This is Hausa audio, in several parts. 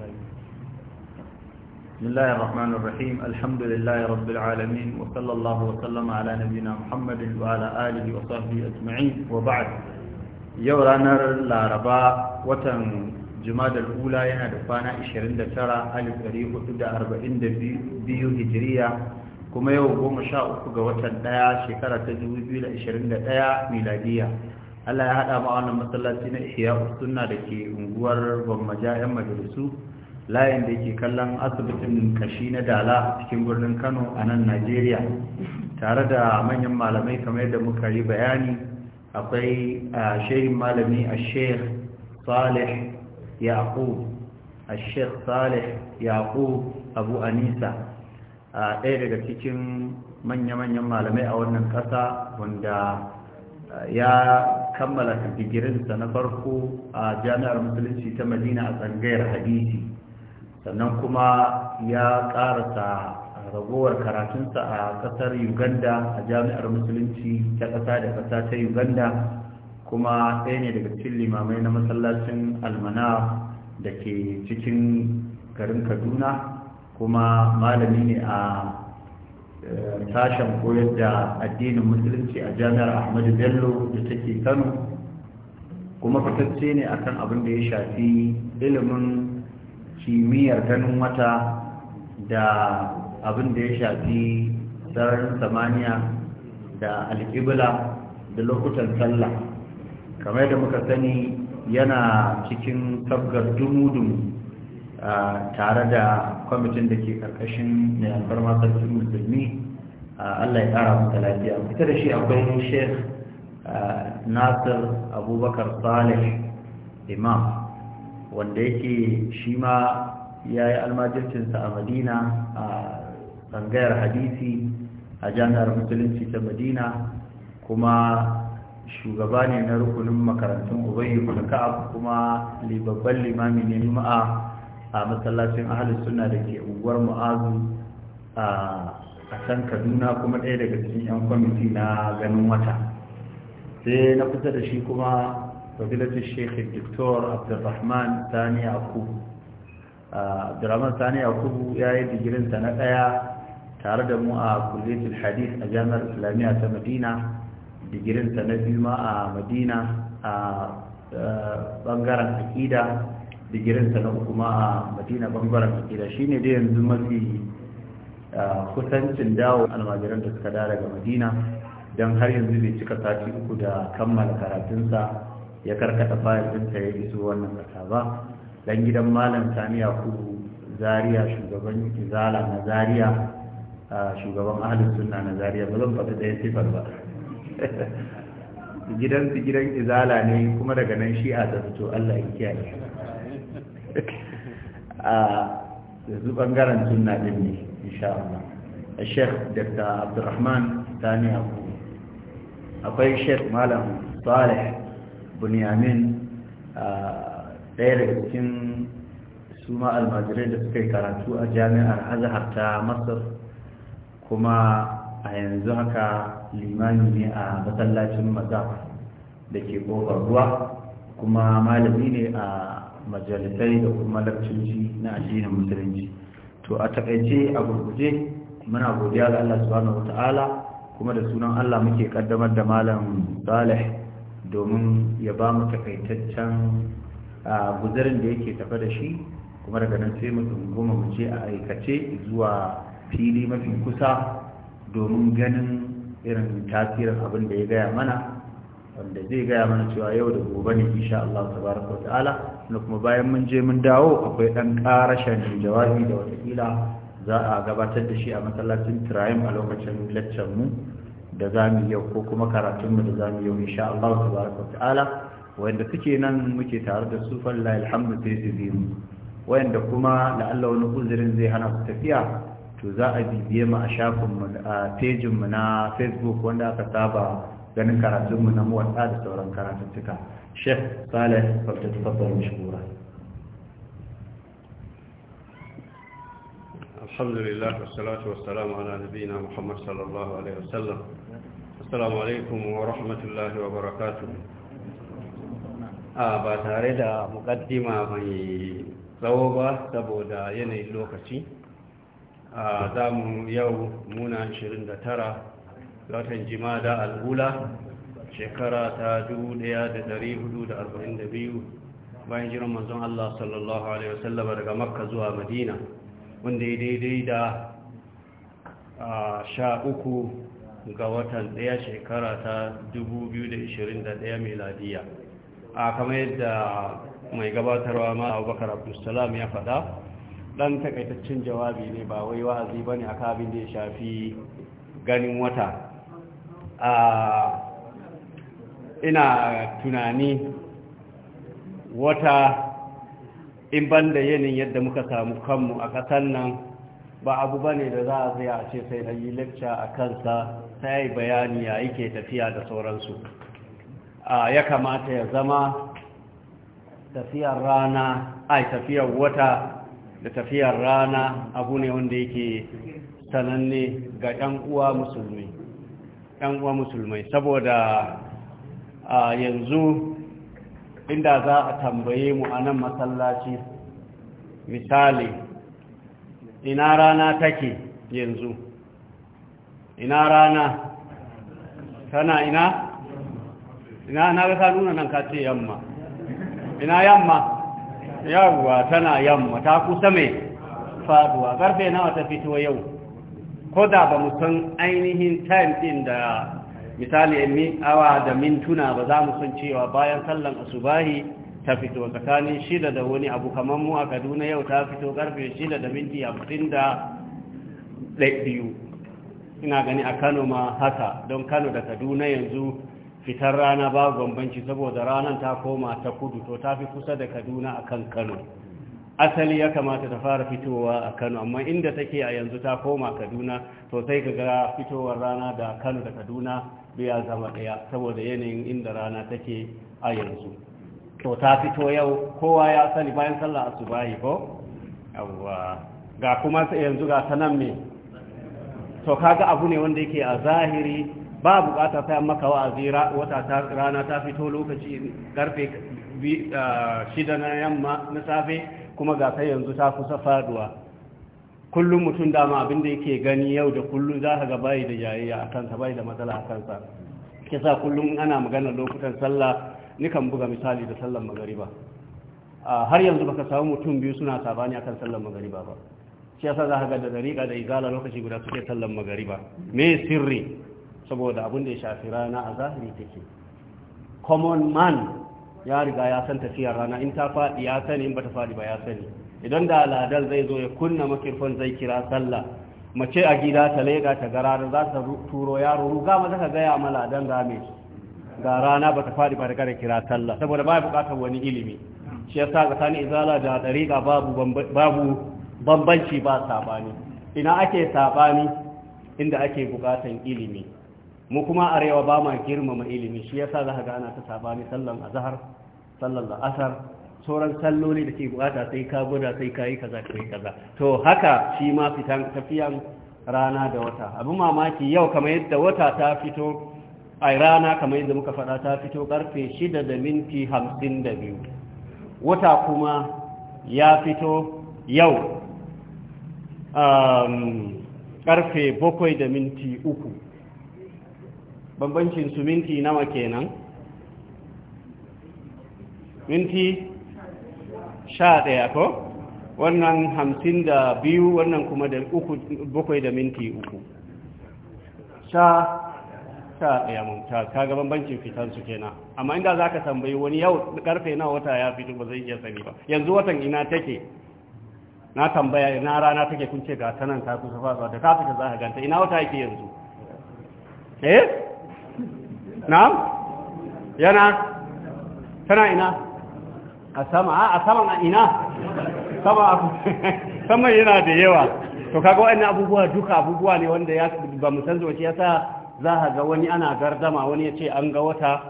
بسم الله الرحمن الرحيم الحمد لله رب العالمين وصلى الله وسلم على نبينا محمد وعلى آله وصحبه أجمعين وبعد يورانا العرباء وتن جماد الأولى ينادفانا إشرين دترى ألف أريه تبدأ أربعين دبيو هجرية كما يوم شاء أخوة وتن دايا شكرة تجوي بيلا إشرين دايا ميلادية Allah ya haɗa ma wannan masallaci na Ihya Sunna da ke unguwar bammaja 'yan majalisu layin da ke kallon asibitin kashi na Dala cikin birnin Kano a nan Najeriya tare da manyan malamai kamar yadda muka yi bayani akwai shehin malami a Sheikh Salih Yaqub a Sheikh Salih Yaqub Abu Anisa ɗaya daga cikin manya-manyan malamai a wannan ƙasa wanda ya kammala digirinsa na farko a jami'ar musulunci ta madina a tsangayar hadisi sannan kuma ya karasa ragowar karatunsa a kasar uganda a jami'ar musulunci ta kasa da kasa ta uganda kuma ɗaya ne daga cikin limamai na masallacin almana da ke cikin garin kaduna kuma malami ne a sashen koyar da addinin musulunci a jami'ar ahmadu bello da take kano kuma fitacce ne akan abin da ya shafi ilimin kimiyyar ganin wata da abin da ya shafi sararin samaniya da alƙibla da lokutan sallah kamar da muka sani yana cikin tabgar dumu-dumu tare da kwamitin da ke karkashin mai alfarma su musulmi allah ya kara mata lafiya ita da shi akwai sheikh nasir abubakar salih imam wanda yake shi ma ya yi almajircinsa a madina a tsangayar hadisi a jami'ar musulunci ta madina kuma shugaba ne na rukunin makarantun ubayi ka'ab kuma libabban limami ne juma'a a masallacin ahalus sunna da ke unguwar mu'azu a can kaduna kuma ɗaya daga cikin 'yan kwamiti na ganin wata sai na kusa da shi kuma fadilatun shekhi diktor abdurrahman sani akubu abdurrahman sani akubu ya yi digirinsa na ɗaya tare da mu a kulletul hadith a jami'ar islamiyya ta madina digirinsa na biyu ma a madina a ɓangaren aƙida ta na kuma a madina bangaren akida shi ne dai yanzu mafi kusancin dawo almajiran da suka da daga madina don har yanzu bai cika sati uku da kammala karatunsa ya karkata fayar ɗinta ya iso wannan kasa ba dan gidan malam sami yakubu zaria shugaban izala na zariya shugaban ahalin sunna na zariya ba zan faɗi ɗaya sifar ba gidan izala ne kuma daga nan shi a fito allah ya kiyaye a ah, yanzu bangaren sunna din ne insha Allah Sheikh Dr. Abdulrahman Tani Abu akwai Sheikh Malam Saleh Bunyamin ah, ɗaya daga cikin suma ma almajirai da suka yi karatu a jami'ar Azhar ta Masar kuma a yanzu haka limani ne a masallacin mazaf da ke ƙofar ruwa kuma malami ne a majalisai da kuma larcinci na addinin musulunci to a takaice a gurguje muna godiya ga Allah subhanahu wata'ala kuma da sunan Allah muke kaddamar da malam Saleh domin ya ba mu takaitaccen guzarin da yake tafe da shi kuma daga nan sai mu tsunguma mu je a aikace zuwa fili mafi kusa domin ganin irin tasirin abin da ya gaya mana wanda zai gaya mana cewa yau da gobe ne insha Allah tabaraka wa ta'ala wanda kuma bayan mun je mun dawo akwai ɗan ƙarashen jawabi da watakila za a gabatar da shi a masallacin tirayim a lokacin mu da za mu yau ko kuma karatunmu da za mu yau insha Allah tabaraka ta'ala wanda suke nan muke tare da su fallahi alhamdu ta yi mu wanda kuma la'alla wani uzurin zai hana ku tafiya to za a bibiye mu a shafinmu a pejinmu na facebook wanda aka saba ganin karatunmu na muwatsa da sauran karatuttuka شيخ صالح فلتتفضل مشكورا الحمد لله والصلاة والسلام على نبينا محمد صلى الله عليه وسلم السلام عليكم ورحمة الله وبركاته ba tare da mukaddima mai tsawo ba saboda yanayin lokaci za mu yau muna 29 watan jimada al'ula shekara ta dubu da da da dari hudu arba'in biyu bayan jiran manzon Allah sallallahu alaihi wasallam daga makka zuwa madina wanda ya daidai da sha uku ga watan daya shekara ta dubu biyu da da ishirin mai meladiya a kama yadda mai gabatarwa ma abubakar abdulsalam ya faɗa ɗan takaitaccen jawabi ne ba wai wa'azi ba ne a kabin da ya shafi ganin wata a ina tunani wata in ban da yanin yadda muka samu kanmu a ƙasar nan ba abu ba ne da za a zai a ce sai na yi lecture a kansa ta yi bayani ya yake tafiya da sauransu ya kamata ya zama tafiyar rana ai tafiyar wata da tafiyar rana abu ne wanda yake sananne ga 'yan musulmi uwa musulmai saboda a yanzu inda za a tambaye mu a nan masallaci misali ina rana take yanzu ina rana tana ina ina na ga nuna nan ka ce yamma ina yamma yawwa tana yamma ta kusa mai faduwa karfe nawa ta fito yau ko da ba mu san ainihin time din da misali in awa da mintuna ba za mu san cewa bayan sallan asubahi ta fito tsakanin shida da wani abu kamar mu a kaduna yau ta fito karfe shida da minti hamsin da biyu ina gani a kano ma haka don kano da kaduna yanzu fitar rana ba bambanci saboda ranar ta koma ta kudu to ta fi kusa da kaduna a kan kano asali ya kamata ta fara fitowa a kano amma inda take a yanzu ta koma kaduna to sai ka ga fitowar rana da kano da kaduna ya zama ɗaya saboda yanayin inda rana take a yanzu to ta fito yau kowa ya sani bayan sallah asubahi ko yawwa ga kuma yanzu ga sanan me to kaga abu ne wanda yake a zahiri ba bukata sai maka wa'azi wata ta rana ta fito lokaci karfe ah, shida na yamma na safe kuma ga sai yanzu ta kusa faduwa kullum mutum dama abinda yake gani yau da kullum za ka ga da jayayya a kansa bai da matsala a kansa kisa kullum ana magana lokutan sallah nikan buga misali da sallar magariba har yanzu baka samu mutum biyu suna sabani akan sallar magariba ba shi yasa za ka ga da dariƙa da izala lokaci guda suke sallar magariba me sirri saboda abin da ya shafi rana a zahiri take common man ya riga ya san tafiyar rana in ta faɗi ya sani in bata faɗi ba ya sani idan da aladar zai zo ya kunna makirfan zai kira sallah mace a gida ta lega ta garara za ta turo yaro ruga ma zaka gaya ma ladan game, ga rana ba ta fadi ba ta gara kira sallah saboda ba ya bukatar wani ilimi shi ya yasa tsakanin izala da dariqa babu babu bambanci ba sabani ina ake sabani inda ake buƙatar ilimi mu kuma arewa ba ma girmama ilimi shi ya sa zaka ga ana ta sabani sallan azhar sallan la'asar. sauran salloli da ke bukata sai ka guda sai ka yi kaza ka yi kaza to haka shi ma fitan tafiyan rana da wata abu mamaki yau kamar yadda wata ta fito a rana kamar yadda muka faɗa ta fito karfe 6 da minti 52, wata kuma ya fito yau karfe um, 7 da minti 3, bambancin su minti nawa kenan minti sha ɗaya ko wannan hamsin da biyu wannan kuma da uku bakwai da minti uku sha sha ɗaya mumta ka ga bambancin fitansu kenan amma inda za ka tambayi wani yau karfe na wata ya fito ba zai iya sani ba yanzu watan ina take na tambaya ina rana take kun ce ga sanan ta kusa fasa da ta fita za ka ganta ina wata yake yanzu eh na yana tana ina a sama a saman a ina sama saman yana da yawa to kaga wani abubuwa duka abubuwa ne wanda ya ba mu san ya Sa za a ga wani ana gardama wani ya ce an ga wata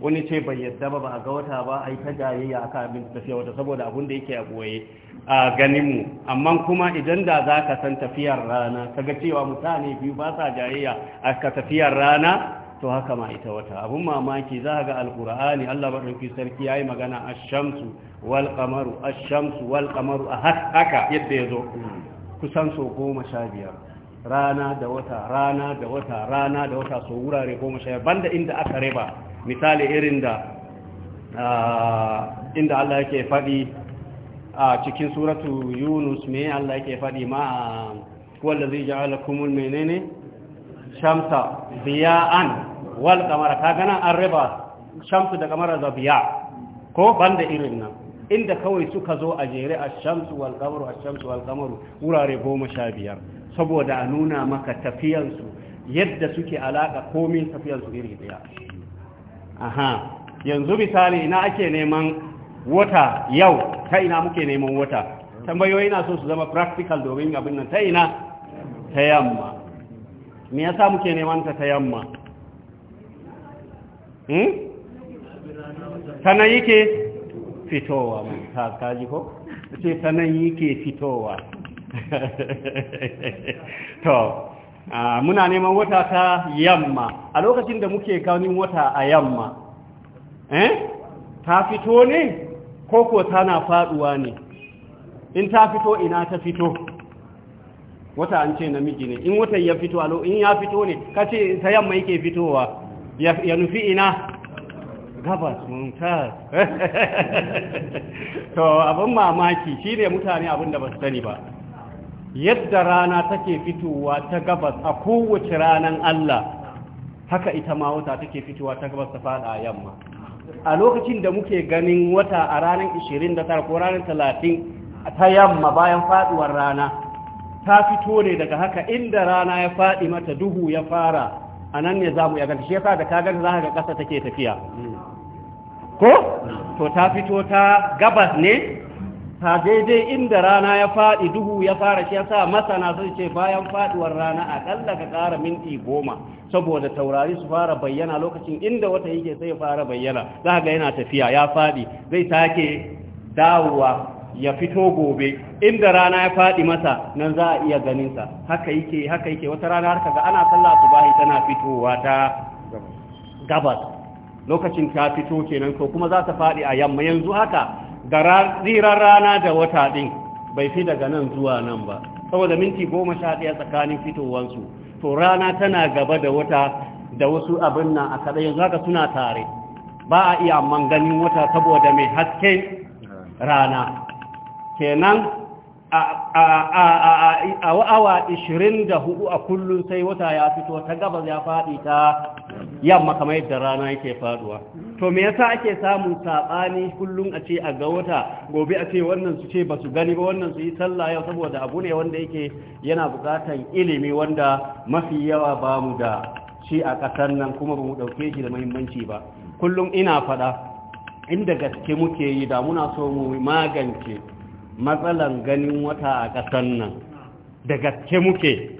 wani ce bai yadda ba ba a ga wata ba a yi ta jayayya aka abin tafiya wata saboda abun da yake a goye a ganinmu amma kuma idan da za ka san tafiyar rana ga cewa mutane biyu ba sa jayayya a ka tafiyar rana to haka ma ita wata abun mamaki za ga alkur'ani Allah madauki sarki yayi magana ash-shamsu wal qamaru ash-shamsu wal qamaru haka yadda yazo kusan so goma sha biyar rana da wata rana da wata rana da wata so wurare goma sha biyar banda inda aka riba misali irin da inda Allah yake faɗi a cikin suratu yunus me Allah yake faɗi ma a wallazi ja'alakumul menene shamsa ziya'an wal kamara ka gana an raba shamsu da kamara zabiya ko banda irin nan inda kawai suka zo a jere a shamsu wal kamaru a shamsu wal kamaru wurare goma sha biyar saboda a nuna maka tafiyansu yadda suke alaƙa komin tafiyansu iri daya aha yanzu misali ina ake neman wata yau ta ina muke neman wata tambayoyi na so su zama practical domin abin nan ta ina ta yamma me yasa muke neman ta ta yamma Hmm? sanan yake fitowa ta kaji ko ce sanan yake fitowa to muna neman wata ta yamma a lokacin da muke ganin wata a yamma eh ta fito ne koko tana faduwa ne in ta fito ina ta fito wata an ce namiji ne in wata ya fito alo in ya fito ne kace ta yamma yake fitowa ya nufi ina gabas mumtaz to abin mamaki shi ne mutane abin da ba su sani ba yadda rana take fitowa ta gabas a kowace ranar Allah haka ita ma wata take fitowa ta gabas ta fada a yamma a lokacin da muke ganin wata a ranar 29 ko ranar 30 ta yamma bayan faduwar rana ta fito ne daga haka inda rana ya faɗi mata duhu ya fara a nan ne za mu iya ganta shi yasa da ka ganta za ka ga ƙasa take tafiya ko to ta fito ta gabas ne ta daidai inda rana ya faɗi duhu ya fara shi yasa masana sun ce bayan faɗuwar rana aƙalla ka ƙara minti goma saboda taurari su fara bayyana lokacin inda wata yake sai fara bayyana za ga yana tafiya ya faɗi zai take dawowa ya fito gobe inda rana ya faɗi masa nan za a iya ganinsa haka yake haka yake wata rana har kaga ana sallah su bahi tana fitowa ta gabas lokacin ta fito kenan ko kuma za ta faɗi a yamma yanzu haka da tsirar rana da wata ɗin bai fi daga nan zuwa nan ba saboda minti goma sha ɗaya tsakanin fitowansu to rana tana gaba da wata da wasu abin nan a kaɗai. yanzu haka suna tare ba a iya amman ganin wata saboda mai haske rana kenan a awa 24 a kullum sai wata ya fito ta gabas ya faɗi ta yamma kamar yadda rana yake faduwa to me yasa ake samun saɓani kullum a ce a ga wata gobe a ce wannan su ce ba su gani ba wannan su yi sallah yau saboda abu ne wanda yake yana buƙatan ilimi wanda mafi yawa ba mu da shi a ƙasar nan kuma ba mu ɗauke shi da muhimmanci ba kullum ina faɗa inda gaske muke yi da muna so mu magance matsalan ganin wata a ƙasar nan da gaske muke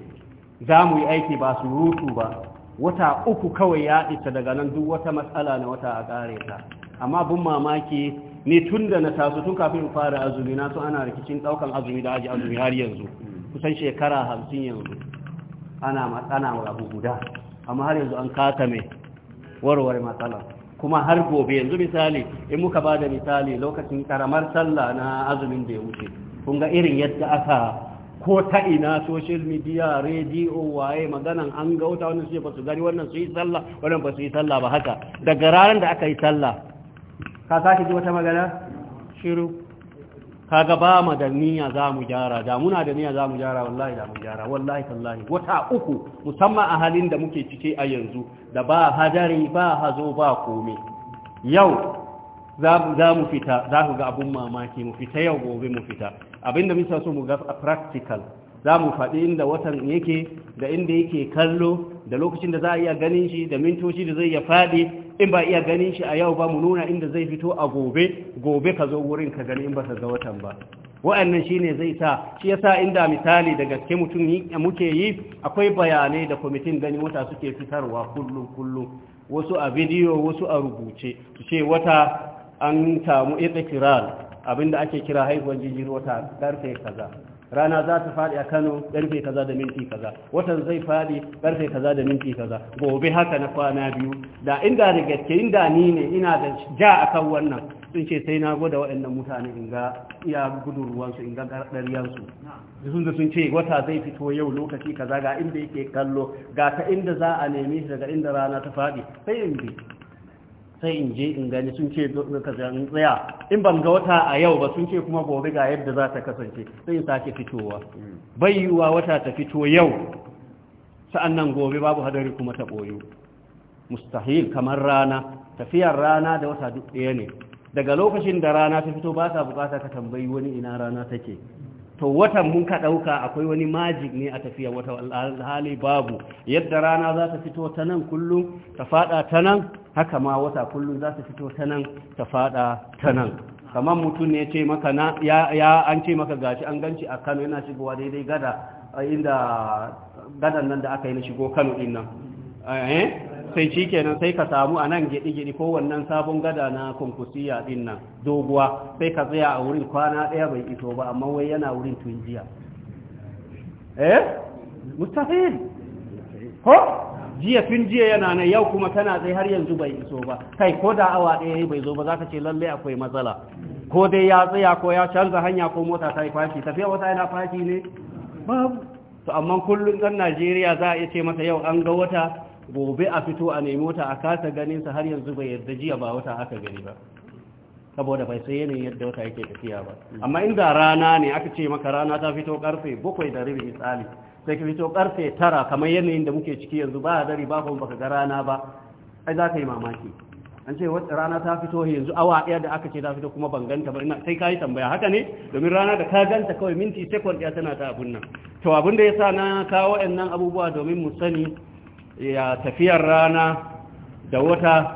za mu yi aiki ba su rutu ba wata uku kawai ya isa daga nan duk wata matsala na wata a ƙare ta amma bin mamaki ne tun da na taso tun kafin fara azumi na so ana rikicin ɗaukan azumi da aji azumi har yanzu kusan shekara hamsin yanzu ana matsana abu guda amma har yanzu an kata mai warware matsala kuma har gobe yanzu misali in muka ba da misali lokacin karamar sallah na azumin da ya wuce kun ga irin yadda aka ko ta ina social media rediyo waye maganan an ga wata wannan su ba su gari wannan su yi sallah wannan ba su yi sallah ba haka daga ranar da aka yi sallah ka sake ji wata magana shiru kaga ba mu da niyya za mu gyara da muna da niyya za mu gyara wallahi da mu gyara wallahi tallahi wata uku musamman a halin da muke cike a yanzu da ba hadari ba hazo ba kome yau za mu fita za ku ga abun mamaki mu fita yau gobe mu fita abinda mun so mu ga practical za mu faɗi inda watan yake da inda yake kallo da lokacin da za a iya ganin shi da mintoci da zai ya faɗi in ba iya ganin shi a yau ba mu nuna inda zai fito a gobe gobe ka zo wurin ka gani in ba ka ga watan ba wa'annan shi ne zai sa shi ya sa inda misali da gaske mutum muke yi akwai bayanai da kwamitin gani wata suke fitarwa kullum kullum wasu a bidiyo wasu a rubuce su ce wata an samu itikirar abinda ake kira haihuwar jijiyar wata karfe kaza rana za ta faɗi a Kano ƙarfe kaza da minti kaza watan zai faɗi ƙarfe kaza da minti kaza gobe haka na kwana biyu da inda da gaske inda ni ne ina da ja akan wannan sun ce sai na gwada waɗannan mutane in ga iya gudun in ga ɗaryansu sun sun ce wata zai fito yau lokaci kaza ga inda yake kallo ga ta inda za a neme shi daga inda rana ta faɗi sai in bi sai in je in gani sun ce in tsaya in ban ga wata a yau ba sun ce kuma gobe ga yadda za ta kasance sai in sake fitowa bai yiwuwa wata ta fito yau sa'annan gobe babu hadari kuma ta boyo mustahil kamar rana tafiyar rana da wata duk ɗaya ne daga lokacin da rana ta fito ba ta bukata ka tambayi wani ina rana take to watan mun ka ɗauka akwai wani magic ne a tafiya wata hali babu yadda rana za ta fito ta nan kullum ta fada ta nan haka ma wata kullum za ta fito ta nan ta fada ta nan kamar mutum ne ce maka na ya an ce maka gashi an ganci a kano yana shigowa daidai gada inda gadan nan da aka yi na shigo kano din nan eh? sai shi kenan sai ka samu a nan gidi-gidi ko wannan sabon gada na kunkusiya din nan doguwa sai ka tsaya a wurin kwana ɗaya bai iso ba amma wai yana wurin tun jiya eh mustahil ko jiya tun jiya yana nan yau kuma tana zai har yanzu bai iso ba kai ko da awa ɗaya bai zo ba za ka ce lalle akwai matsala ko dai ya tsaya ko ya canza hanya ko mota ta yi fashi tafiya wata yana fashi ne babu to amma kullum dan najeriya za a iya ce masa yau an ga wata gobe a fito a nemi wata a kasa ganin sa har yanzu bai yarda jiya ba wata aka gani ba saboda bai sai yanayin yadda wata yake tafiya ba amma inda rana ne aka ce maka rana ta fito karfe 7 da rabi misali sai ka fito karfe 9 kamar yanayin da muke ciki yanzu ba dare ba kuma baka ga rana ba ai za ka yi mamaki an ce wata rana ta fito yanzu awa ɗaya da aka ce ta fito kuma ban ganta ba ina sai ka yi tambaya haka ne domin rana da ka ganta kawai minti sekon ɗaya tana ta abun nan to abun da ya sa na kawo waɗannan abubuwa domin mu sani ya tafiyar rana da wata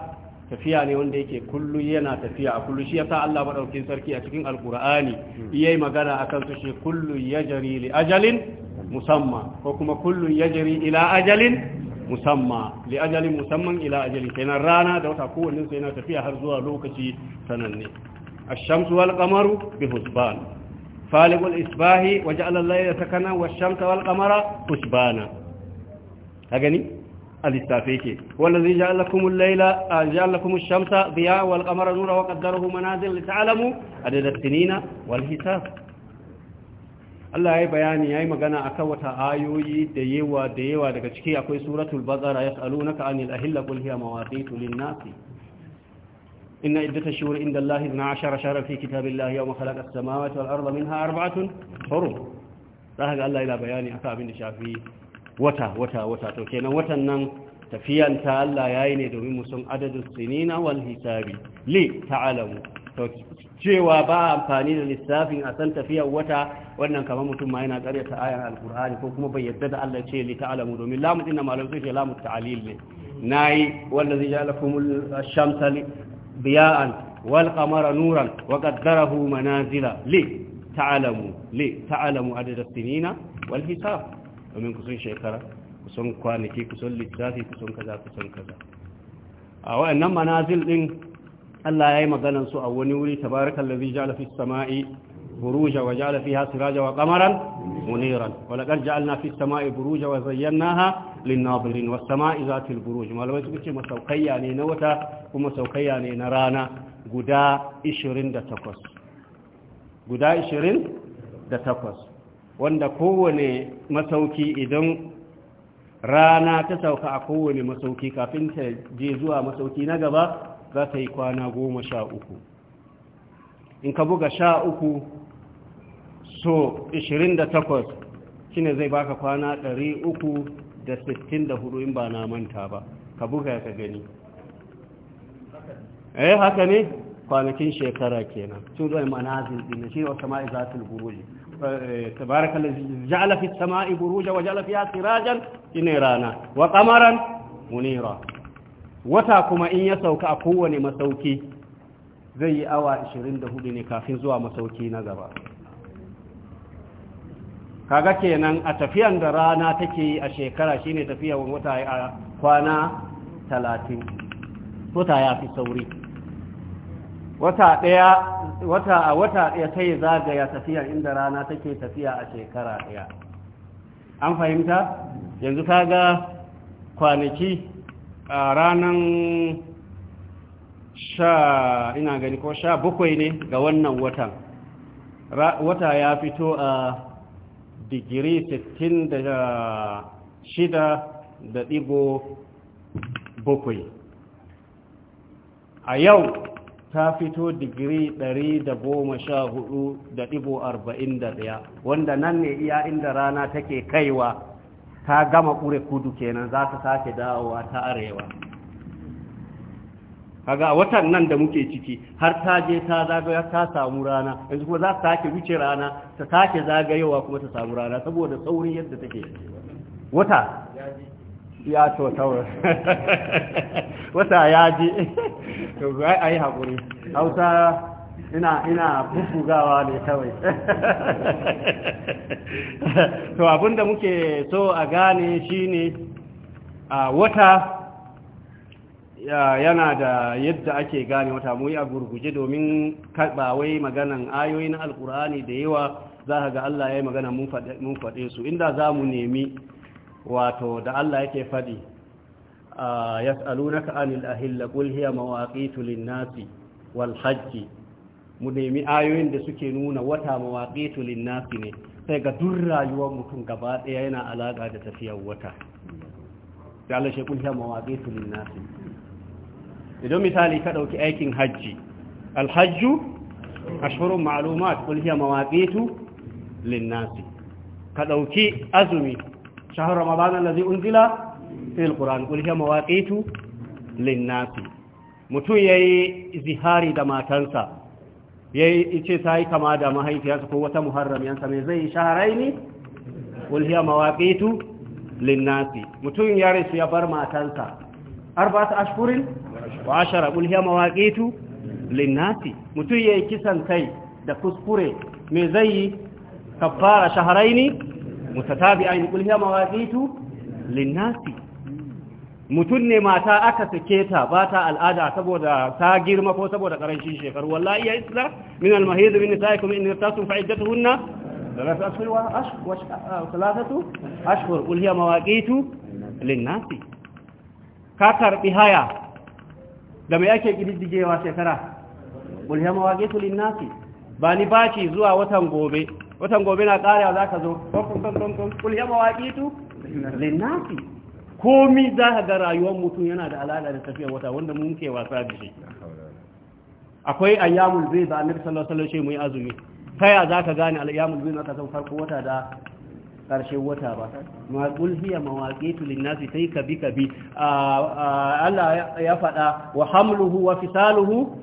tafiya ne wanda yake kullu yana tafiya a kullu shi yasa Allah maɗaukin sarki a cikin iya hmm. yayi magana akan kansu shi kullu yajri li ajalin musamma ko kuma kullu yajri ila ajalin musamma li ajalin musamman ila ajalin rana da wata kowanne sai na tafiya har zuwa lokaci sananne ash-shamsu wal qamaru bi husban faligul isbahi waja'ala al-layla sakanan husbana ka gani a ke yake wanda zai ja'ala kumul laila ja'ala kumus shamsa biya wal qamara nura wa qaddarahu manazil li ta'lamu adada sinina wal hisab Allah yayi bayani yayi magana akan wata ayoyi da yawa da yawa daga ciki akwai suratul baqara yas'alunaka anil ahilla qul hiya mawaqitu lin-nasi إن عدة الشهور عند الله 12 شهرا في كتاب الله يوم خلق السماوات والأرض منها أربعة Allah ذهب الله إلى بيان أكاب shafi. wata wata wata to kenan watan nan tafiyan ta Allah yayi ne domin mu san adadin sinina wal hisabi li ta'lamu to cewa ba amfani da lissafin a san tafiyar wata wannan kamar mutum ma yana karyata ayan alkur'ani ko kuma bai yadda da Allah ce li ta'lamu domin lamu dinna malam sai lamu ta'lil ne nayi wallazi ja'alakumul shamsa diya'an wal qamara nuran wa qaddarahu manazila li ta'lamu li ta'lamu adada sinina wal hisab domin kusan shekara kusan kwanaki kusan littafi kusan kaza kusan kaza a wayannan manazil din Allah ya yi maganan su a wani wuri tabarakal ladzi ja'ala fis sama'i buruja wa ja'ala fiha siraja wa qamaran muniran wa laqad ja'alna fis sama'i buruja wa zayyanaha lin-nazirin was sama'i zatil buruj malamai suka ce masaukayya ne na wata kuma saukayya ne na rana guda 28 guda 28 wanda kowane masauki idan rana ta sauka a kowane masauki kafin ta je zuwa masauki na gaba za ta yi kwana goma sha uku in ka buga sha uku so 28 shine zai baka kwana 364 in ba na manta ba ka buga ka gani eh haka ne kwanakin shekara kenan su zai manazin din shi wa za su buruji tabarakallazi ja'ala fis sama'i buruja wa ja'ala fiha sirajan inirana wa qamaran munira wata kuma in ya sauka a kowane masauki zai yi awa 24 ne kafin zuwa masauki na gaba kaga kenan a tafiyan da rana take yi a shekara shine tafiyan wata a kwana 30 wata ya fi sauri wata ɗaya wata a wata ɗaya sai zagaya tafiya inda rana take tafiya a shekara ɗaya an fahimta yanzu ta ga kwanaki a ranar sha ina gani ko sha bakwai ne ga wannan watan wata ya fito a digiri 66 da ɗigo bakwai a yau ta fito digiri da da goma ɗaya, wanda nan ne iya inda rana take kaiwa ta gama ƙure kudu kenan za ta sake dawowa ta arewa kaga watan nan da muke ciki har ta je ta zagaya ta samu rana yanzu kuma za ta sake wuce rana ta sake zagayowa kuma ta samu rana saboda saurin yadda take wata ya to tawar wata ya je to yi haƙuri hakuri hausa ina ina ne kawai to abinda muke so a gane shine a wata yana da yadda ake gane wata mu yi a gurguje domin wai maganan ayoyi na alkur'ani da yawa za a ga Allah ya yi magana mun faɗe su inda za mu nemi wato da Allah yake faɗi yas'alunaka anil ahilla qul hiya mawaqitu lin-nasi wal hajj mu nemi ayoyin da suke nuna wata mawaqitu lin-nasi ne sai ga duk rayuwar mutum gaba daya yana alaka da tafiyar wata sai Allah shi kun hiya mawaqitu lin-nasi idan misali ka dauki aikin hajji al-hajju ashhurun ma'lumat qul hiya mawaqitu lin-nasi ka dauki azumi shahar ramadan allazi unzila fil qur'an qul hiya mawaqitu lin-nas mutum yayi zihari da matansa yayi ce sai kama da mahaifiyarsa ko wata yansa mai zai sharaini qul hiya mawaqitu lin-nas ya rasu ya bar matansa arba'at ashhurin wa ashara qul hiya mawaqitu lin-nas yayi kisan kai da kuskure mai zai kafara shaharaini mutatabi'ain qul hiya mawaqitu lin mutum ne mata aka sake ta ba ta al'ada saboda ta girma ko saboda ƙarancin shekaru wallahi ya isla min al-mahid min kuma in irtasum fa iddatuhunna thalath ah, ashhur wa thalathatu da qul hiya mawaqitu lin-nasi ka karbi haya da mai ake kididdigewa shekara qul hiya mawaqitu lin-nasi ba ni baci zuwa watan gobe watan gobe na za ka zo kun kun kun qul hiya mawaqitu lin-nasi komi za ka ga rayuwar mutum yana da alaƙa da tafiya wata wanda mun ke wasa da shi akwai ayyamul zai da annabi sallallahu alaihi wasallam mu azumi ta ya za ka gane ayyamul zai ka san farko wata da ƙarshen wata ba maƙul hiya mawaƙitu linnasi sai ka bi ka bi ah, ah, Allah ya faɗa wa hamluhu wa fisaluhu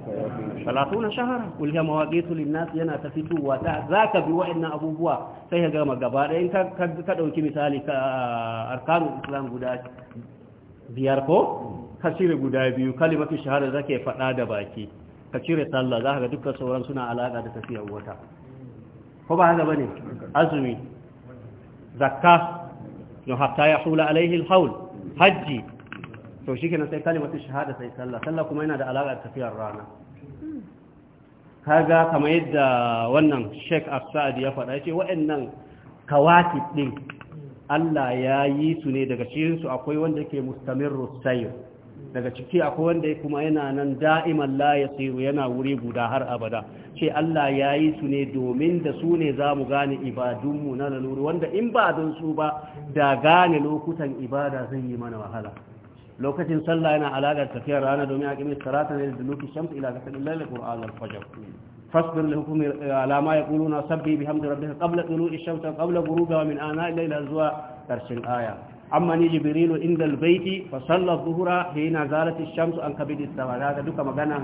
salatuna shahara kul ya mawaqitu linnas yana ta fitowa ta zaka bi wa'annan abubuwa sai ka gama gaba da in ka dauki misali ka arkanul islam guda biyar ko ka cire guda biyu kalimatu shahada zake faɗa da baki ka cire sallah zaka ga dukkan sauran suna alaka da tafiya wata ko ba haka bane azumi zakka no hatta yahula alaihi alhawl hajji to shikenan sai kalimatu shahada sai sallah sallah kuma yana da alaka da tafiyar rana kaga kamar yadda wannan sheik afsad ya faɗa ce waɗannan kawati ɗin Allah ya yi su ne daga cikinsu akwai wanda ke mustamirru sayir daga ciki akwai wanda kuma yana nan da'iman la ya tsiru yana wuri guda har abada ce Allah ya yi su ne domin da su ne za mu gane ibadunmu na laluri wanda in ba don su ba da gane lokutan ibada zai yi mana wahala lokacin sallah yana alaƙar tafiyar rana domin a ƙimin sarata ne da duluki shams ila ga sakin lalle qur'an al-fajr fasbir li hukmi eh, alama yaquluna sabbi bihamdi rabbika qabla tulu'i ash-shams wa qabla ghurubiha min ana al-layl zuwa ƙarshen aya amma ni jibrilu inda al-bayti fa salla dhuhra hina zalat ash-shams an kabidi Da sama duka magana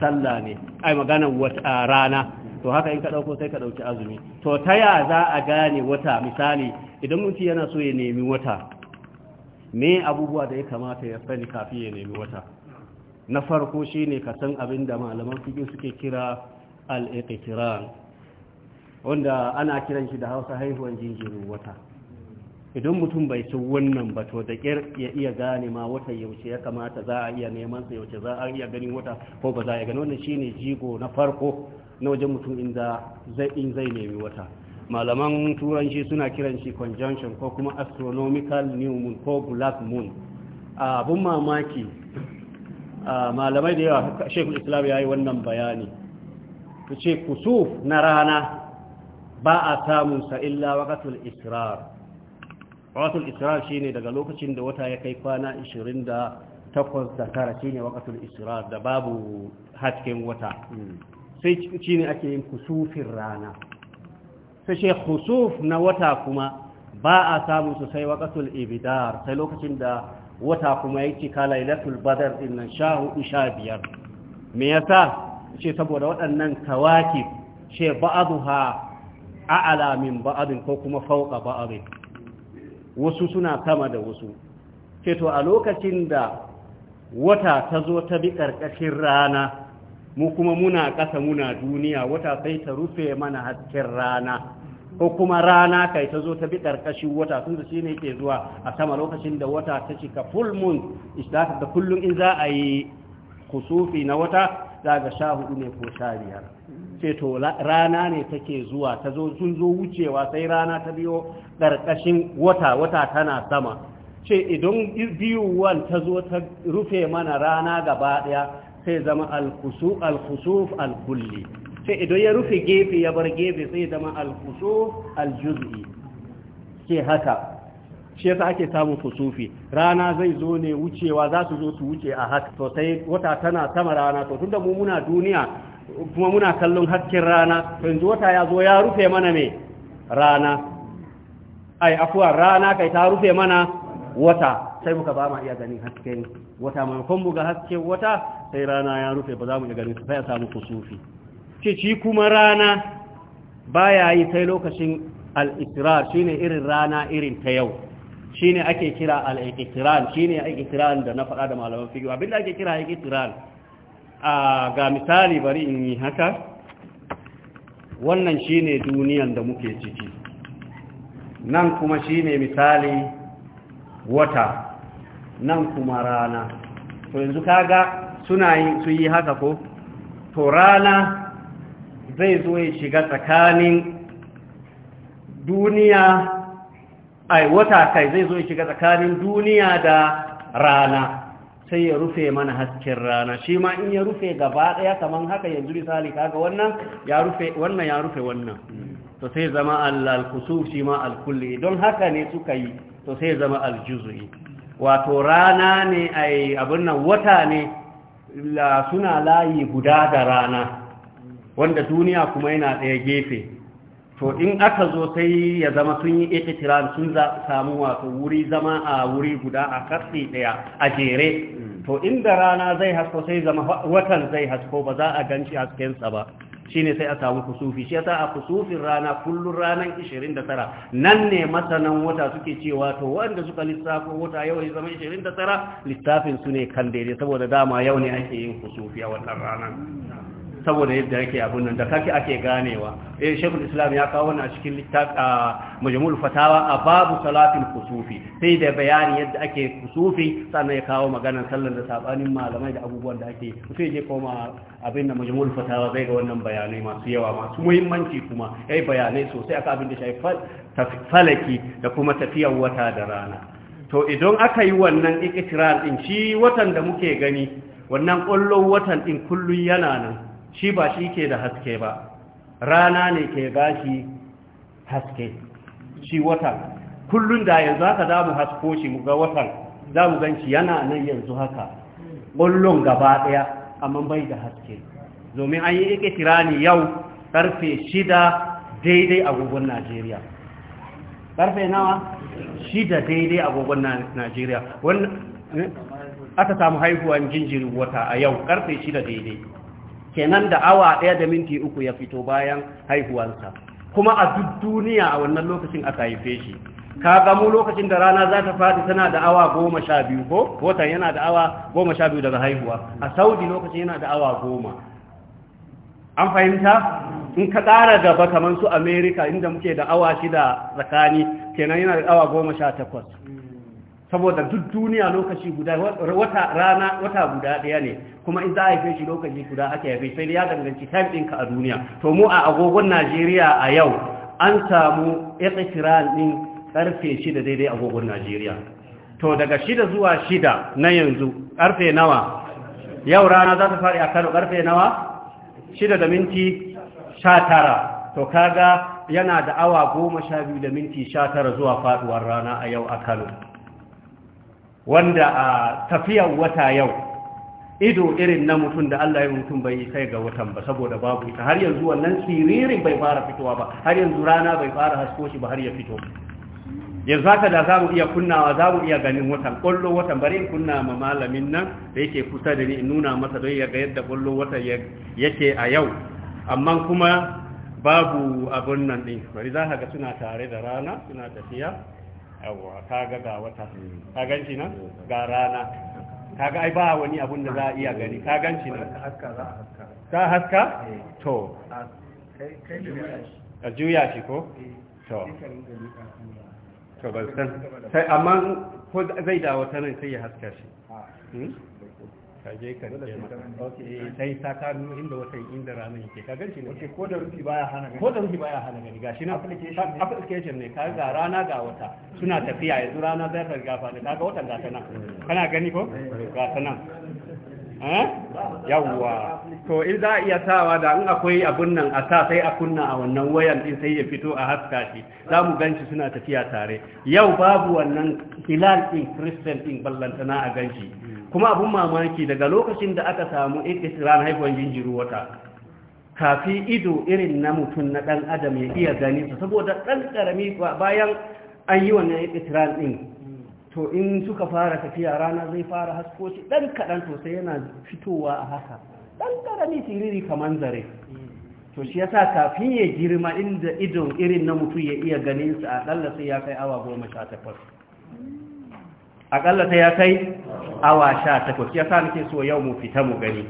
sallah ne ai magana wata ah, rana to haka in ka ɗauko sai ka ɗauki azumi to ta ya za a gane wata misali idan mutum yana so ya nemi wata me abubuwa da ya kamata ya sani kafin ya nemi wata na farko shine ka san abin da malaman fiƙi suke kira al-iqtiran wanda ana kiran shi da Hausa haihuwan jinjirin wata idan mutum bai ci wannan ba to da ƙyar ya iya gane ma wata yaushe ya kamata za a iya neman sa yaushe za a iya ganin wata ko ba za a iya gani wannan shine jigo na farko na wajen mutum inda zai in zai nemi wata malaman turanci suna kiran shi conjunction ko kuma astronomical new moon ko black moon abun mamaki malamai da yawa shekul islam ya yi wannan bayani ku ce kusuf na rana ba a samunsa illa wakatul israr wakatul israr shi ne daga lokacin da wata ya kai kwana 28 da tara shi ne wakatul israr da babu hasken wata hmm. sai shi ne ake yin kusufin rana sai khusuf na wata kuma ba a samun su sai waqatul ibdar sai lokacin da wata kuma ya cika lailatul badar din nan sha hudu sha biyar me yasa shi saboda waɗannan kawakib ce ba'aduha a'ala min ba'din ko kuma fauka ba'din wasu suna kama da wasu Sai to a lokacin da wata ta zo ta bi ƙarƙashin rana mu kuma muna ƙasa muna duniya wata sai ta rufe mana hasken rana ko kuma rana kai ta zo ta bi ƙarƙashin wata sun da shi ne ke zuwa a sama lokacin da wata ta cika full moon ishtaka da kullum in za a yi kusufi na wata za ga sha hudu ne ko sha biyar ce to rana ne take zuwa ta zo sun zo wucewa sai rana ta biyo ƙarƙashin wata wata tana sama ce idan biyuwan ta zo ta rufe mana rana gaba ɗaya sai zama al-khusuf al-kulli sai idan ya rufe gefe ya bar gefe sai zama al-khusuf al-juz'i ke haka shi yasa ake samun kusufi rana zai zo ne wucewa za su zo su wuce a haka to sai wata tana sama rana to tunda mu muna duniya kuma muna kallon hakkin rana to yanzu wata ya zo ya rufe mana me rana ai afuwa rana kai ta rufe mana wata sai muka ba ma iya ganin hasken wata maimakon mu ga hasken wata sai rana ya rufe ba za mu iya ganin sai ya samu kusufi ce ci kuma rana baya yi sai lokacin al-israr shine irin rana irin ta yau shine ake kira al-iqtiran shine al-iqtiran da na faɗa da malaman fiqh da ake kira al-iqtiran a ga misali bari in yi haka wannan shine duniyan da muke ciki nan kuma shine misali wata nan kuma rana to yanzu kaga suna yi su yi haka ko to rana zai zo ya shiga tsakanin duniya ai wata kai zai zo ya shiga tsakanin duniya da rana sai ya rufe mana hasken rana shi ma in ya rufe gaba daya kaman haka yanzu misali kaga wannan ya rufe wannan ya rufe wannan to sai zama al-kusuf shi ma al-kulli don haka ne suka yi to sai zama al-juz'i wato rana ne ai abin nan wata ne suna layi guda da rana wanda duniya kuma yana ɗaya gefe to in aka zo sai ya zama sun yi ikitiran sun samu wato wuri zama a wuri guda a katsi ɗaya a jere hmm. to inda rana zai hasko sai zama watan zai hasko ba za a ganci haskensa ba shine sai a samu kusufi shi yasa a kusufin rana kullun ranan 29 nan ne masanan wata suke cewa to wanda suka lissafo wata yau ne zama 29 lissafin su ne kan daidai saboda dama yau ne ake yin kusufi a wannan ranan saboda yadda yake abun nan da kake ake ganewa eh shekul islam ya kawo wannan a cikin littafin majmul fatawa a babu salatin kusufi sai da bayani yadda ake kusufi sannan ya kawo maganar sallar da sabanin malamai da abubuwan da ake sai je koma abin da majmul fatawa zai ga wannan bayanai masu yawa masu muhimmanci kuma yayi bayanai sosai aka abin da shafi falaki da kuma tafiyar wata da rana to idan aka yi wannan ikitirar din shi watan da muke gani wannan ƙwallon watan din kullun yana nan shi ba shi ke da haske ba rana ne ke bashi haske shi watan kullum da yanzu haka za mu hasko shi ga watan za mu ganci yana nan yanzu haka ƙullun gaba ɗaya amma bai da haske domin an yi ikitirani yau ƙarfe shida daidai agogon najeriya ƙarfe nawa shida daidai agogon najeriya eh, aka samu haihuwan jinjirin wata a yau karfe shida daidai kenan da awa ɗaya da minti uku ya fito bayan haihuwansa. kuma a duk duniya a wannan lokacin aka haife shi ka gamu lokacin da rana za ta faɗi tana da awa goma sha biyu ko watan yana da awa goma sha biyu daga haihuwa a saudi lokacin yana da awa goma an fahimta in ka ƙara gaba kamar su america inda muke da awa shida tsakani kenan yana da awa goma sha takwas saboda duk duniya lokaci guda wata rana wata guda daya ne kuma in za a haife shi lokaci guda aka haife sai ya danganci time ɗinka a duniya to mu a agogon najeriya a yau an samu iqtiran din karfe shida daidai agogon najeriya to daga shida zuwa shida na yanzu karfe nawa yau rana za ta fara a kano karfe nawa shida da minti sha tara to kaga yana da awa goma sha biyu da minti sha tara zuwa faduwar rana a yau a kano wanda a tafiyar wata yau ido irin na mutum da Allah ya mutum bai sai ga watan ba saboda babu ita har yanzu wannan siririn bai fara fitowa ba har yanzu rana bai fara hasko shi ba har ya fito yanzu haka da zamu iya kunnawa zamu iya ganin watan kullu watan bari kunna ma malamin nan da yake kusa da ni in nuna masa don ya ga yadda kullu watan yake a yau amma kuma babu abun nan din bari za ka ga suna tare da rana suna tafiya yawwa ka ga wata mm. ka ganci nan mm. ga rana ga ai ba wani abun da za a iya gani ka ganci nan ta haska eh. to a juya shi ko eh. to to ban san sai amma ko zai da wata nan sai ya haska shi ka je ka rike sai ta ka nuna inda wata inda ranar yake ka ganci ne ko da rufi baya hana gani ko da rufi baya hana gani gashi na application ne ka ga rana ga wata suna tafiya yanzu rana zai farga gafa ne kaga watan gata nan kana gani ko gata nan eh? yawwa to in za a iya sawa da in akwai abun nan a sa sai a kunna a wannan wayan din sai ya fito a haska shi za mu ganci suna tafiya tare yau babu wannan hilal din christian din ballantana a ganci. kuma abun mamaki daga lokacin da aka samu ikisiran haihuwan jinjiru wata kafi ido irin na mutum na ɗan adam ya iya gani su saboda ɗan ƙarami bayan an yi wannan ikisiran ɗin to in suka fara tafiya rana zai fara hasko ɗan kaɗan sosai yana fitowa a haka ɗan ƙarami siriri kamar zare to shi yasa kafin ya girma inda idon irin na mutum ya iya ganin sa a ƙalla sai ya kai awa goma sha takwas akalla ta ya kai awa sha takwas ya sa nake so yau mu fita mu gani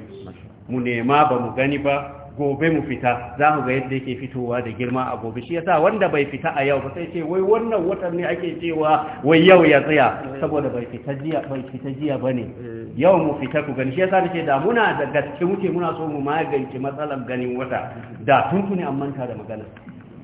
mu nema ba mu gani ba gobe mu fita za mu ga yadda yake fitowa da girma a gobe shi yasa wanda bai fita a yau ba sai ce wai wannan watan ne ake cewa wai yau ya tsaya saboda bai fita jiya bai fita jiya bane yau mu fita ku gani shi yasa nake da muna da gaske muke muna so mu magance matsalar ganin wata da tuntuni manta da magana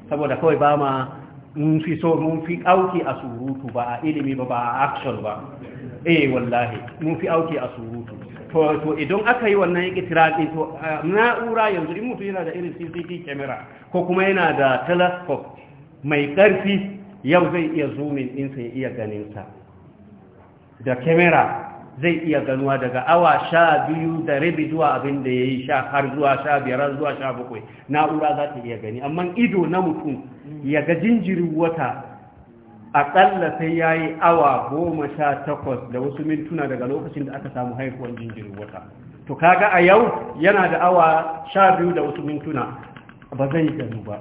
saboda kawai ba ma mun fi so mun fi auki a surutu ba a ilimi ba ba a action ba eh wallahi mun fi auki a surutu to to idan aka yi wannan ikitirafi to na'ura yanzu in mutu yana da irin CCTV camera ko kuma yana da telescope mai karfi yau zai iya zoomin din sai iya ganin sa da camera zai iya ganuwa daga awa sha biyu da rabi zuwa abin da ya yi sha har zuwa sha biyar zuwa sha bakwai na'ura za ta iya gani amma ido na mutum ya ga jinjirin wata aƙalla sai ya yi awa goma sha takwas da wasu mintuna daga lokacin da aka samu haihuwar jinjirin wata to kaga a yau yana da awa sha biyu da wasu mintuna ba zai gano ba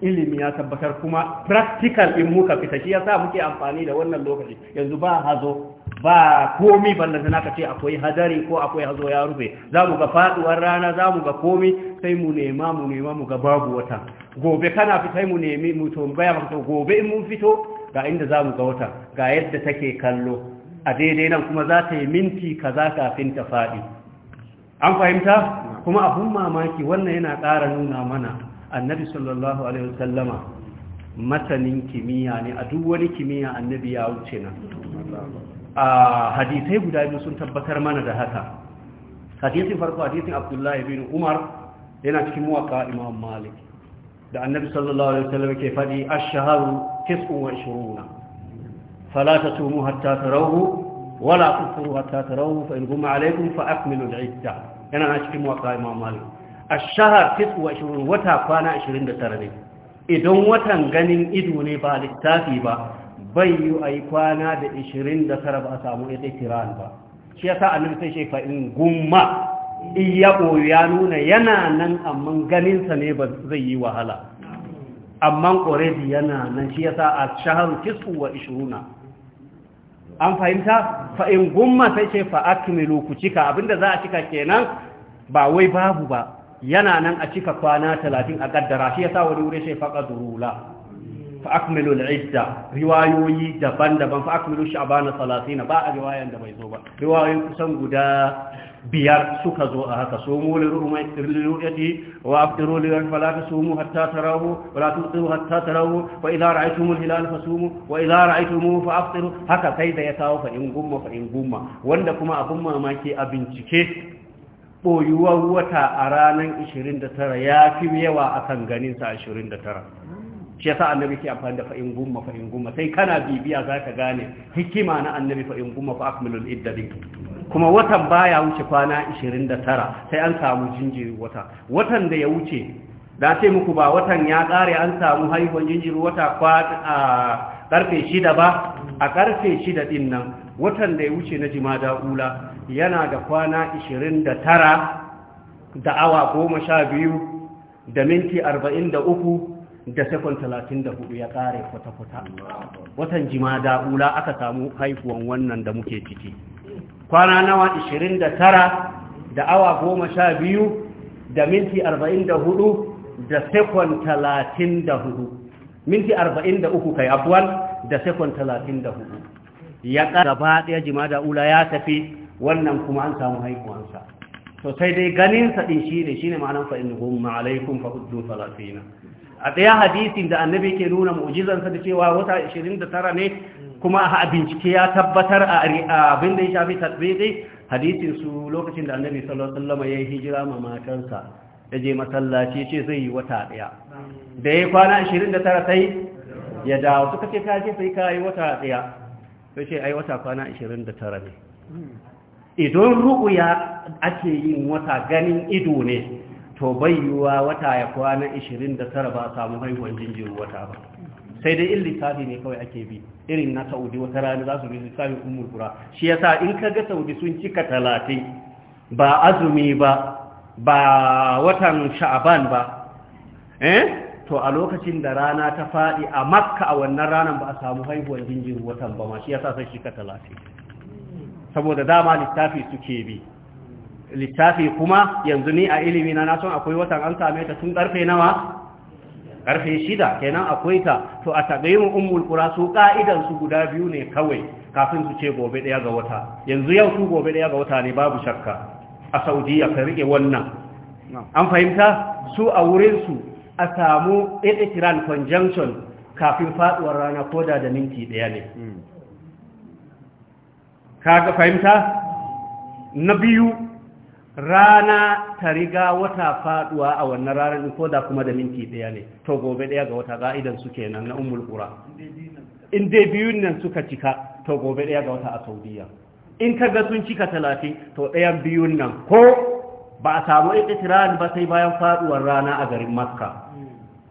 ilimi ya tabbatar kuma practical in muka fita shi ya sa muke amfani da wannan lokaci yanzu ba hazo ba komi ballanta naka ce akwai hadari ko akwai hazo ya rufe za mu ga faduwar rana za mu ga komi sai mu nema mu nema mu ga babu wata gobe kana fita mu nemi mu to baya mu gobe in mun fito ga inda za mu ga wata ga yadda take kallo a daidai nan kuma za ta yi minti kaza kafin ta faɗi an fahimta kuma abun mamaki wannan yana ƙara nuna mana annabi sallallahu alaihi wasallama matanin kimiyya ne a duk wani kimiyya annabi ya wuce na. hadisai guda biyu sun tabbatar mana da haka hadisin farko hadisin abdullahi bin umar yana cikin muwaqqa imam malik da annabi sallallahu alaihi wasallam ke fadi ash-shahru 29 fala tasumu hatta tarawhu wala tufuru hatta tarawu fa in gumma alaykum fa akmilu al-idda yana cikin muwaqqa imam malik ash-shahr 29 wata kwana 29 ne idan watan ganin ido ne ba littafi ba bai yi a yi kwana da 29 ba a samu ya tsiran ba shi ya sa annabi sai shi fa'in gumma in ya ɓoyi ya nuna yana nan amma ganinsa ne ba zai yi wahala amma ƙoredi yana nan shi ya sa a shaharu kisu wa ishiruna an fahimta fa'in gumma sai ce fa'akimilu ku cika abinda za a cika kenan ba wai babu ba yana nan a cika kwana talatin a ƙaddara shi ya sa wani wuri shi faƙa durula fa akmilu al-idda riwayoyi daban-daban fa akmilu sha'bana 30 ba a riwayan da bai zo ba riwayoyi kusan guda biyar suka zo a haka so mu lirru'yati wa li lirru'yati fala tasumu hatta tarahu wa la tuftiru hatta tarahu wa idha ra'aytum al-hilal fasumu wa idha ra'aytum fa aftiru haka sai da ya kawo fa in gumma fa in gumma wanda kuma abun mamaki a bincike boyuwar wata a ranar 29 ya fi yawa akan ganin sa 29 shi yasa annabi ke amfani da fa'in gumma fa'in gumma sai kana bibiya za ka gane hikima na annabi fa'in gumma fa akmilul iddadin kuma watan baya wuce kwana 29 sai an samu jinjiri wata watan da ya wuce da sai muku ba watan ya kare an samu haihuwar jinjiri wata a karfe 6 ba a karfe 6 din nan watan da ya wuce na jimada ula yana da kwana 29 da awa 12 da minti 43 da sekon 34 ya kare kwata-kwata watan da ula aka samu haifuwan wannan da muke ciki kwana nawa 29 da awa 12 da minti 44 da sekon 34 minti 43 kai abuwan da sekon 34 ya gaba ɗaya da ula ya tafi wannan kuma an samu haifuwansa sosai dai ganin sa din shi ne shi ne ma'anan fa'in gumma alaikum fa'uddu falafina a daya hadisin da annabi ke nuna mu'jizansa da cewa wata 29 ne kuma a bincike ya tabbatar a abin da ya shafi tasbiqi hadisin su lokacin da annabi sallallahu alaihi wasallam ya hijira ma matansa ya je masallaci ce zai yi wata daya. da ya kwana 29 sai ya dawo suka ce ka je sai ka yi wata daya. sai ce ai wata kwana 29 ne hmm. idon ru'uya ake yin wata ganin ido ne to bai yiwuwa wata ya kwana 29 ba a samu haihuwan jinjirin wata ba sai dai in lissafi ne kawai ake bi irin na saudi wata rana za su bi lissafin umar kura shi yasa in ka ga saudi sun cika talatin ba azumi ba ba watan sha'aban ba eh to a lokacin da rana ta faɗi a makka a wannan ranar ba a samu haihuwar jinjirin watan ba ma shi yasa sai shi ka talatin saboda dama littafi suke bi littafi kuma yanzu ni a ilimi na nason akwai watan an same ta tun karfe nawa karfe shida kenan akwai ta to a taɓayin umul kura su ka'idan guda biyu ne kawai kafin su ce gobe ɗaya ga wata yanzu yau su gobe ɗaya ga wata ne babu shakka a Saudi ka riƙe wannan an fahimta su a wurinsu a samu itiran conjunction kafin faɗuwar rana koda da minti ɗaya ne hmm. ka ga fahimta na biyu rana ta riga wata faduwa a wannan ranar in da kuma da minti daya ne to gobe daya ga wata ga'idan su kenan na ummul qura in dai biyun nan suka cika to gobe daya ga wata a saudiya in kaga sun cika talatin to ɗayan biyun nan ko ba a samu ikitirani ba sai bayan faduwar rana a garin makka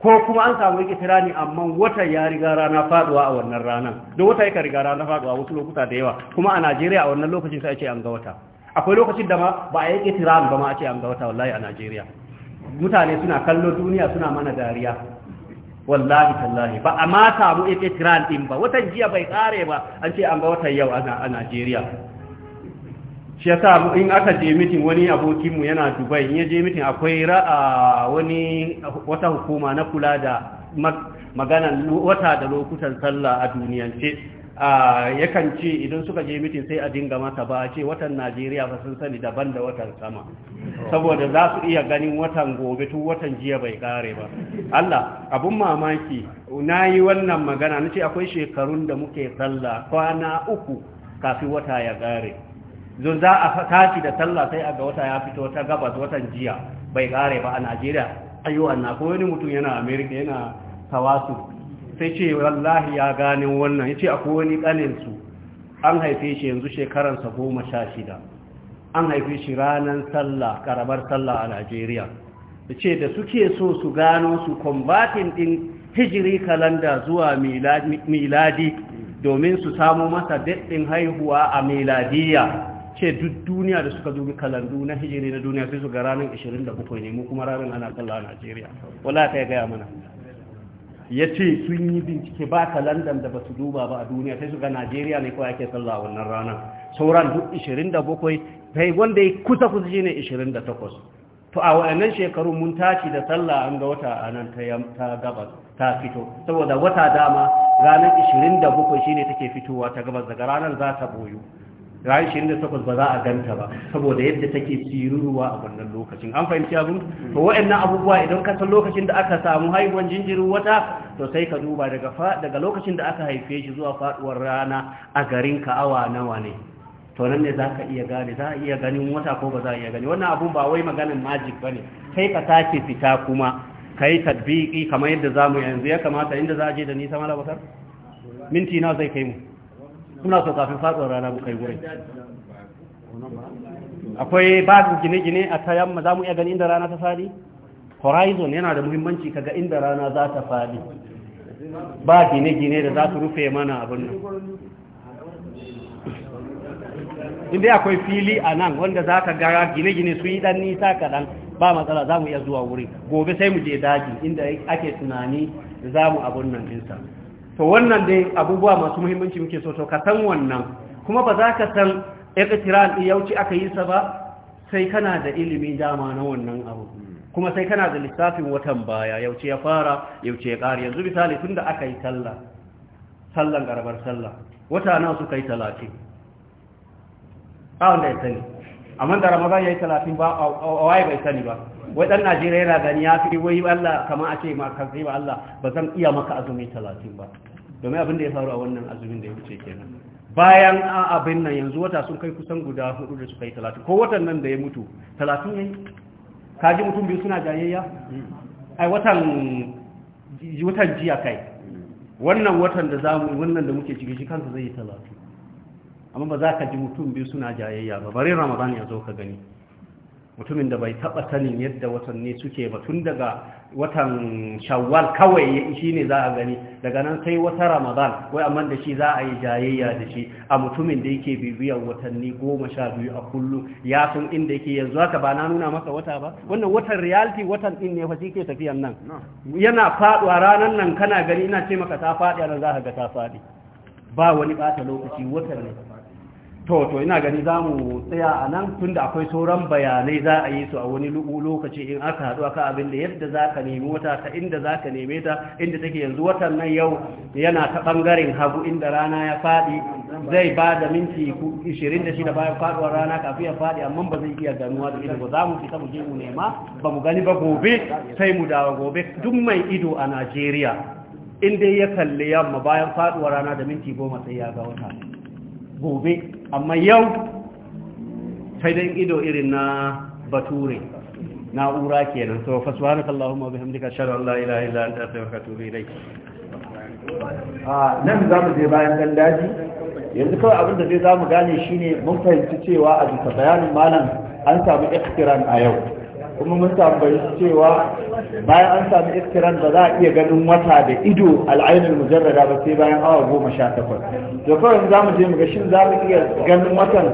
ko kuma an samu ikitirani amma wata ya riga rana faduwa a wannan ranar don wata ya riga rana faduwa wasu lokuta da yawa kuma a najeriya a wannan lokacin sai ce an ga wata akwai lokacin da ba a yake tiran ba ma a an ga wata wallahi a Najeriya mutane suna kallo duniya suna mana dariya wallahi tallahi ba a ma samu yake tiran din ba watan jiya bai kare ba an ce an ga watan yau a Najeriya shi yasa in aka je mitin wani abokin yana Dubai in ya je mitin akwai ra'a wani wata hukuma na kula da maganan wata da lokutan sallah a duniyance yakan ce idan suka je mitin sai a dinga masa ba ce watan najeriya fa sun sani daban da watan sama saboda za su iya ganin watan gobe tun watan jiya bai kare ba allah abun mamaki na yi wannan magana na ce akwai shekarun da muke sallah kwana uku kafin wata ya kare zun za a tashi da sallah sai a ga wata ya fito ta gabas watan jiya bai kare ba a najeriya ayyuan na ko wani mutum yana amerika yana tawasu sai ce wallahi ya gane wannan ya ce akwai wani ƙaninsu an haife shi yanzu shekaransa goma sha shida an haife shi ranar sallah karamar sallah a najeriya da ce da suke so su gano su combating ɗin hijiri kalanda zuwa miladi domin su samu masa daɗin haihuwa a miladiya ce duk duniya da suka dubi kalandu na hijiri na duniya sai su ga ranar 27 ne mu kuma ranar ana sallah a najeriya wala ta ya gaya mana ya ce sun yi bincike ba ta london da ba su duba ba a duniya sai su ga najeriya ne kawai ake sallah wannan ranar sauran duk 27 sai wanda ya kusa kusa shi ne 28 to a waɗannan shekaru mun tashi da sallah an ga wata a nan ta gabas ta fito saboda wata dama ranar 27 shi ne take fitowa ta gabas daga ranar za ta boyu da takwas ba za a ganta ba saboda yadda take tsiruruwa a wannan lokacin an fahimci abin to waɗannan abubuwa idan ka san lokacin da aka samu haihuwar jinjirin wata to sai ka duba daga daga lokacin da aka haife shi zuwa faduwar rana a garin ka awa nawa ne to nan ne zaka iya gane za a iya ganin wata ko ba za a iya gani wannan abun ba wai maganin magic bane kai ka sake fita kuma kai tadbiki kamar yadda zamu yanzu ya kamata inda za a je da nisa mala bakar minti nawa zai kai mu suna so kafin faɗin rana mu kai wurin akwai babu gine-gine a tayan za mu iya gani inda rana ta faɗi horizon yana da muhimmanci kaga inda rana za ta faɗi ba gine-gine da za su rufe mana abin nan inda akwai fili a nan wanda za ka gara gine-gine su yi dan nisa kaɗan ba matsala za mu iya zuwa wuri gobe sai mu je daji inda ake tunani za mu abin nan ɗinsa to wannan dai abubuwa masu muhimmanci muke so to ka san wannan kuma ba za ka san iqtiran yauci aka yi sa ba sai kana da ilimi dama na wannan abu kuma sai kana da lissafin watan baya yauci ya fara yauci ya ƙare yanzu misali tunda aka yi sallah sallan garbar sallah wata nan suka yi talatin a wanda ya sani amma da ramadan yayi 30 ba a waye bai sani ba wai dan najeriya yana gani ya fi wai Allah kamar a ce ma ka sai ba Allah ba zan iya maka azumi 30 ba domin abin da ya faru a wannan azumin da ya wuce kenan bayan abin nan yanzu wata sun kai kusan guda hudu da suka yi 30 ko watan nan da ya mutu 30 yayi kaji mutum biyu suna jayayya ai watan watan jiya kai wannan watan da zamu wannan da muke ciki shi kansa zai yi 30 amma ba za ka ji mutum biyu suna jayayya ba bari ramadan ya zo ka gani mutumin da bai taba sanin yadda watanni suke ba tun daga watan shawwal kawai shi ne za a gani daga nan sai wata ramadan wai amma da shi za a yi jayayya da shi a mutumin da yake bibiyar watanni goma sha biyu a kullu ya sun inda yake yanzu haka ba na nuna maka wata ba wannan watan reality watan din ne fa ke tafiyan nan yana faduwa ranar nan kana gani ina ce maka ta faɗi a nan za ka ga ta faɗi ba wani ɓata lokaci watan ne to to ina gani za mu tsaya a nan tun da akwai sauran bayanai za a yi su a wani lokaci in aka haɗu aka abin da yadda za ka nemi wata ta inda za ka neme ta inda take yanzu watan nan yau yana ta ɓangaren hagu inda rana ya faɗi zai ba da minti 26 bayan faɗuwar rana kafin ya faɗi amma ba zai iya ganuwa da ido ba za mu fita mu je mu nema ba mu gani ba gobe sai mu dawo gobe duk mai ido a najeriya in dai ya kalli yamma bayan faɗuwar rana da minti goma sai ya ga wata gobe amma yau sai dan ido irin na bature na'ura kenan so fa subhanakallahumma wa bihamdika ashhadu an la ilaha illa anta astaghfiruka wa atubu ilayk ah nan za mu je bayan dan daji yanzu kawai abin da zai zamu gane shine mun fahimci cewa a bisa bayanin malam an samu ikhtiran a yau kuma mun tambayi cewa bayan an sami iskiran ba za a iya ganin wata da ido al'ainul mujarrada ba sai bayan awa goma sha takwas da kawai za mu je mu ga shin za mu iya ganin watan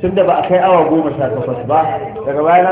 tun da ba a kai awa goma sha takwas ba daga bayan